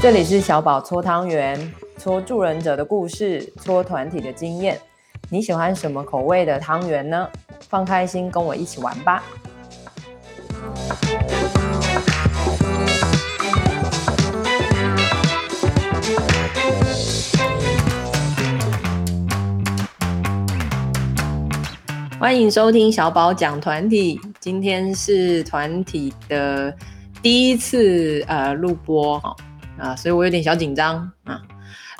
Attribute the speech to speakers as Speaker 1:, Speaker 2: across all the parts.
Speaker 1: 這裡是小寶搓湯圓、搓助人者的故事、搓團體的經驗。你喜歡什麼口味的湯圓呢？放開心，跟我一起玩吧！歡迎收聽小寶講團體，今天是團體的第一次，呃，錄播啊，所以我有點小緊張啊，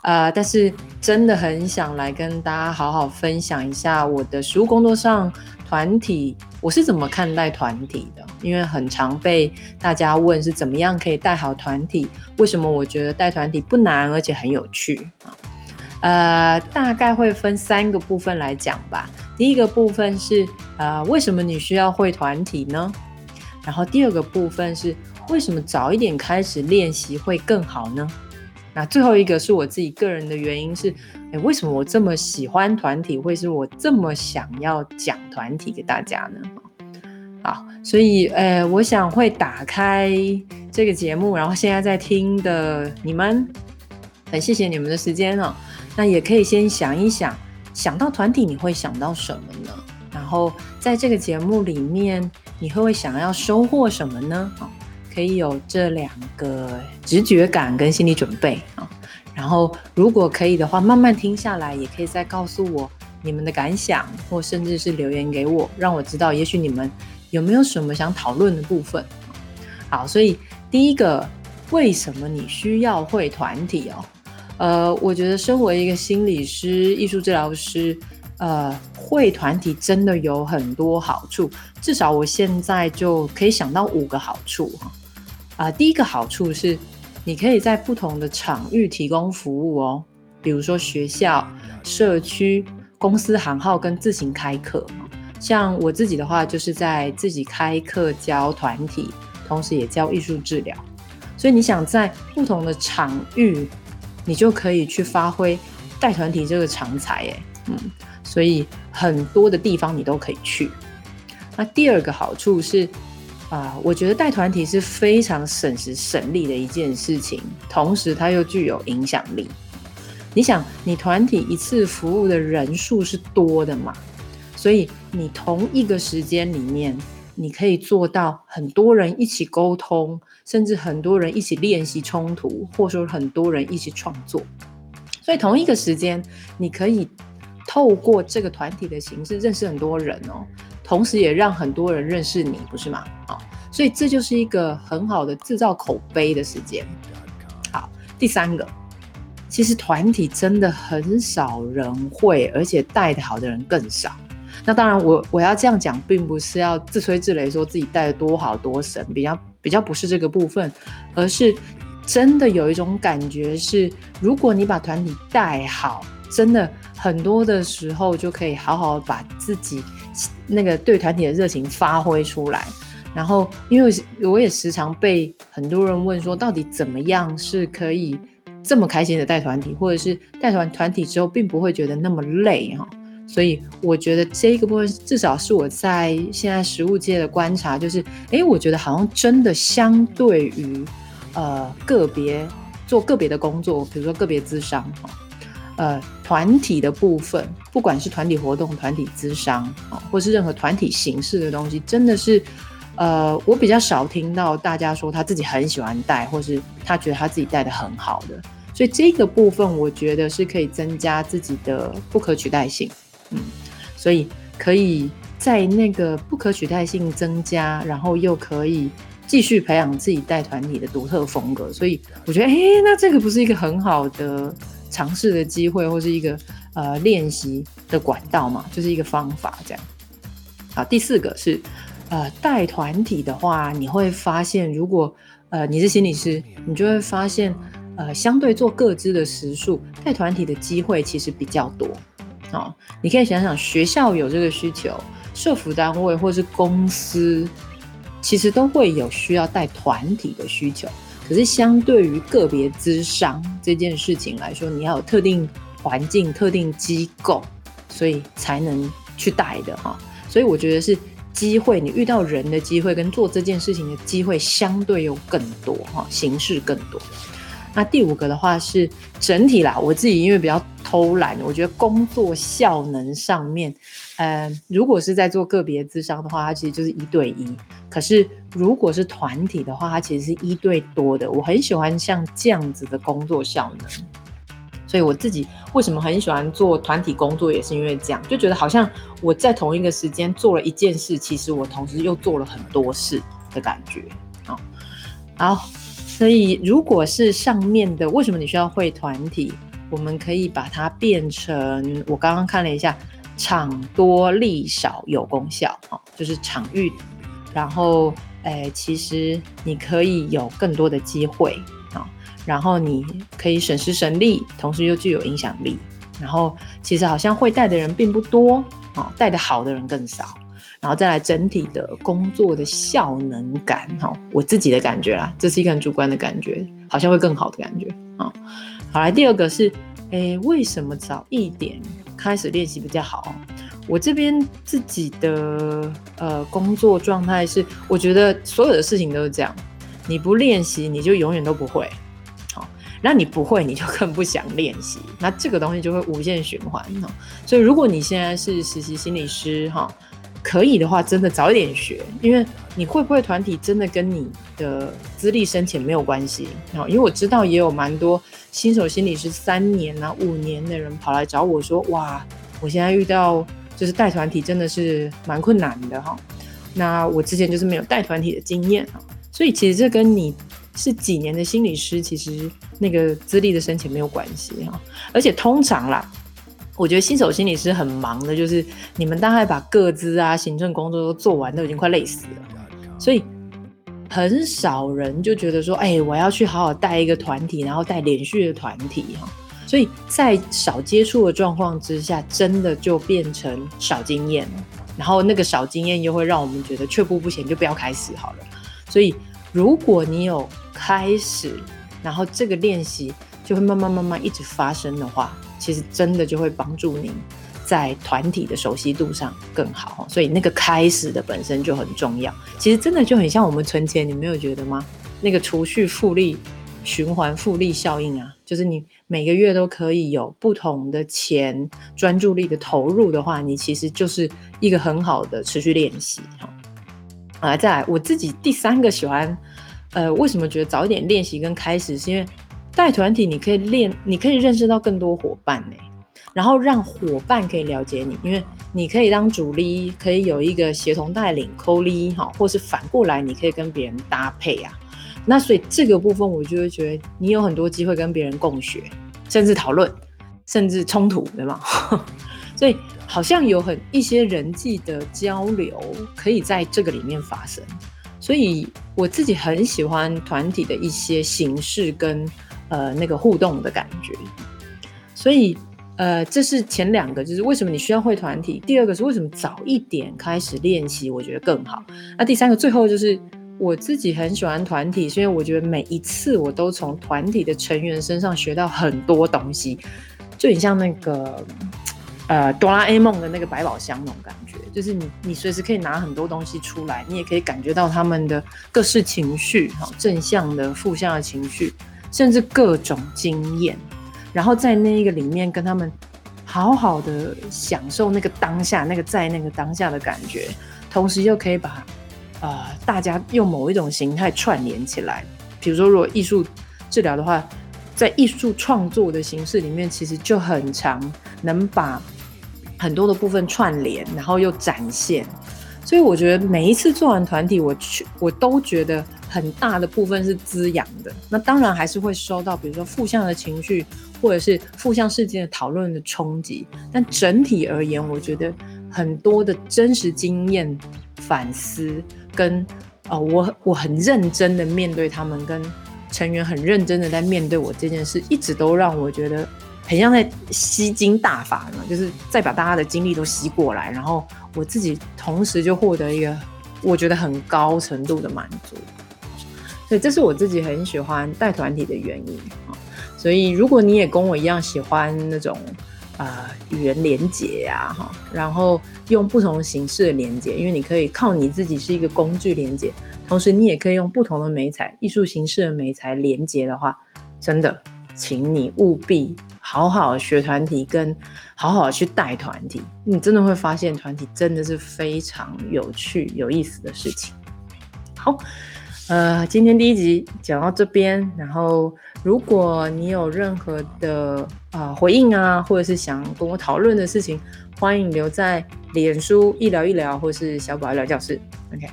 Speaker 1: 呃，但是真的很想來跟大家好好分享一下我的實務工作上團體，我是怎麼看待團體的，因為很常被大家問是怎麼樣可以帶好團體，為什麼我覺得帶團體不難而且很有趣啊？呃，大概會分三個部分來講吧。第一個部分是呃，為什麼你需要會團體呢？然後第二個部分是。為什麼早一點開始練習會更好呢？那最後一個是我自己個人的原因是，哎，為什麼我這麼喜歡團體，會是我這麼想要講團體給大家呢？好，所以呃，我想會打開這個節目，然後現在在聽的你們，很謝謝你們的時間哦。那也可以先想一想，想到團體你會想到什麼呢？然後在這個節目裡面，你會會想要收穫什麼呢？好。可以有這兩個直覺感跟心理準備啊，然後如果可以的話，慢慢聽下來，也可以再告訴我你們的感想，或甚至是留言給我，讓我知道，也許你們有沒有什麼想討論的部分。好，所以第一個，為什麼你需要會團體哦？呃，我覺得身為一個心理師、藝術治療師，呃，會團體真的有很多好處，至少我現在就可以想到五個好處。啊、呃，第一個好處是，你可以在不同的場域提供服務哦，比如說學校、社區、公司行號跟自行開課。像我自己的話，就是在自己開課教團體，同時也教藝術治療。所以你想在不同的場域，你就可以去發揮帶團體這個長才、欸，嗯，所以很多的地方你都可以去。那第二個好處是。啊、呃，我覺得帶團體是非常省時省力的一件事情，同時它又具有影響力。你想，你團體一次服務的人數是多的嘛？所以你同一個時間裡面，你可以做到很多人一起溝通，甚至很多人一起練習衝突，或者說很多人一起創作。所以同一個時間，你可以透過這個團體的形式認識很多人哦。同時，也讓很多人認識你，不是嗎？啊、哦，所以這就是一個很好的制造口碑的時間。好，第三個，其實團體真的很少人會，而且帶得好的人更少。那當然我，我我要這樣講，並不是要自吹自擂說自己帶得多好多神，比較比較不是這個部分，而是真的有一種感覺是，如果你把團體帶好，真的很多的時候就可以好好把自己。那個對團體的熱情發揮出來，然後因為我也時常被很多人問說，到底怎麼樣是可以這麼開心的帶團體，或者是帶完團、團體之後並不會覺得那麼累哈、哦？所以我覺得這一個部分至少是我在現在實務界的觀察，就是誒我覺得好像真的相對於呃個別做個別的工作，比如說個別諮商。哦呃，團體的部分，不管是團體活動、團體諮商、啊，或是任何團體形式的東西，真的是，呃，我比較少聽到大家說他自己很喜歡帶，或是他覺得他自己帶的很好的。所以這個部分，我覺得是可以增加自己的不可取代性，嗯，所以可以在那個不可取代性增加，然後又可以繼續培養自己帶團體的獨特風格。所以我覺得，誒、欸，那這個不是一個很好的。嘗試的機會或是一個呃練習的管道嘛，就是一個方法這樣。好，第四個是，呃，帶團體的話，你會發現，如果呃你是心理師，你就會發現，呃，相對做個諮的時數，帶團體的機會其實比較多。好、哦，你可以想想，學校有這個需求，社福單位或是公司，其實都會有需要帶團體的需求。可是，相對於個別諮商這件事情來說，你要有特定環境、特定機構，所以才能去帶的哈。所以我覺得是機會，你遇到人的機會跟做這件事情的機會相對又更多哈，形式更多。那第五個的話是整體啦，我自己因為比較偷懶，我覺得工作效能上面，嗯、呃，如果是在做個別諮商的話，它其實就是一對一；可是如果是團體的話，它其實是一對多的。我很喜歡像這樣子的工作效能，所以我自己為什麼很喜歡做團體工作，也是因為這樣，就覺得好像我在同一個時間做了一件事，其實我同時又做了很多事的感覺啊、哦。好。所以，如果是上面的，為什麼你需要會團體？我們可以把它變成，我剛剛看了一下，場多利少有功效哦，就是場域。然後，哎、呃，其實你可以有更多的機會啊、哦，然後你可以省時省力，同時又具有影響力。然後，其實好像會帶的人並不多啊、哦，帶得好的人更少。然後再來整體的工作的效能感，哈，我自己的感覺啦，這是一個很主觀的感覺，好像會更好的感覺啊。好來，第二個是，誒，為什麼早一點開始練習比較好？我這邊自己的呃工作狀態是，我覺得所有的事情都是這樣，你不練習你就永遠都不會，好，那你不會你就更不想練習，那這個東西就會無限循環，哈，所以如果你現在是實習心理師，哈。可以的話，真的早點學，因為你會不會團體真的跟你的資歷深淺沒有關係啊。因為我知道也有蠻多新手心理師三年啊、五年的人跑來找我說，哇，我現在遇到就是帶團體真的是蠻困難的哈。那我之前就是沒有帶團體的經驗啊，所以其實這跟你是幾年的心理師，其實那個資歷的深淺沒有關係哈。而且通常啦。我覺得新手心理師很忙的，就是你們大概把個資啊、行政工作都做完，都已經快累死了。所以很少人就覺得說：“哎、欸，我要去好好帶一個團體，然後帶連續的團體。”哈，所以在少接觸的狀況之下，真的就變成少經驗了。然後那個少經驗又會讓我們覺得卻步不前，就不要開始好了。所以如果你有開始，然後這個練習。就會慢慢慢慢一直發生的話，其實真的就會幫助您在團體的熟悉度上更好。所以那個開始的本身就很重要。其實真的就很像我們存錢，你沒有覺得嗎？那個儲蓄複利循環複利效應啊，就是你每個月都可以有不同的錢專注力的投入的話，你其實就是一個很好的持續練習。啊，再來我自己第三個喜歡，呃，為什麼覺得早一點練習跟開始，是因為。帶團體，你可以練，你可以認識到更多夥伴、欸、然後讓夥伴可以了解你，因為你可以當主力，可以有一個協同帶領扣 o 哈，或是反過來，你可以跟別人搭配啊。那所以這個部分，我就會覺得你有很多機會跟別人共學，甚至討論，甚至衝突，對嗎？ 所以好像有很一些人際的交流可以在這個裡面發生。所以我自己很喜歡團體的一些形式跟。呃，那個互動的感覺，所以呃，這是前兩個，就是為什麼你需要會團體。第二個是為什麼早一點開始練習，我覺得更好。那第三個，最後就是我自己很喜歡團體，所以我覺得每一次我都從團體的成員身上學到很多東西，就很像那個呃哆啦 A 夢的那個百寶箱那種感覺，就是你你隨時可以拿很多東西出來，你也可以感覺到他們的各式情緒，好正向的、負向的情緒。甚至各種經驗，然後在那一個裡面跟他們好好的享受那個當下，那個在那個當下的感覺，同時又可以把啊、呃、大家用某一種形態串聯起來。比如說，如果藝術治療的話，在藝術創作的形式裡面，其實就很常能把很多的部分串聯，然後又展現。所以我覺得每一次做完團體我，我去我都覺得。很大的部分是滋養的，那當然還是會受到，比如說負向的情緒或者是負向事件的討論的衝擊，但整體而言，我覺得很多的真實經驗反思跟、呃、我我很認真的面對他們，跟成員很認真的在面對我這件事，一直都讓我覺得很像在吸金大法呢，就是再把大家的精力都吸過來，然後我自己同時就獲得一個我覺得很高程度的滿足。所以這是我自己很喜歡帶團體的原因，哦。所以如果你也跟我一樣喜歡那種呃語言連接呀、啊、哈、哦，然後用不同形式的連接，因為你可以靠你自己是一個工具連接，同時你也可以用不同的媒材藝術形式的媒材連接的話，真的，請你務必好好學團體跟好好去帶團體，你真的會發現團體真的是非常有趣、有意思的事情。好。呃，今天第一集講到這邊，然後如果你有任何的啊、呃、回應啊，或者是想跟我討論的事情，歡迎留在臉書藝療易聊，或是小寶藝療教室，OK。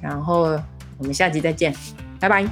Speaker 1: 然後我們下集再見，拜拜。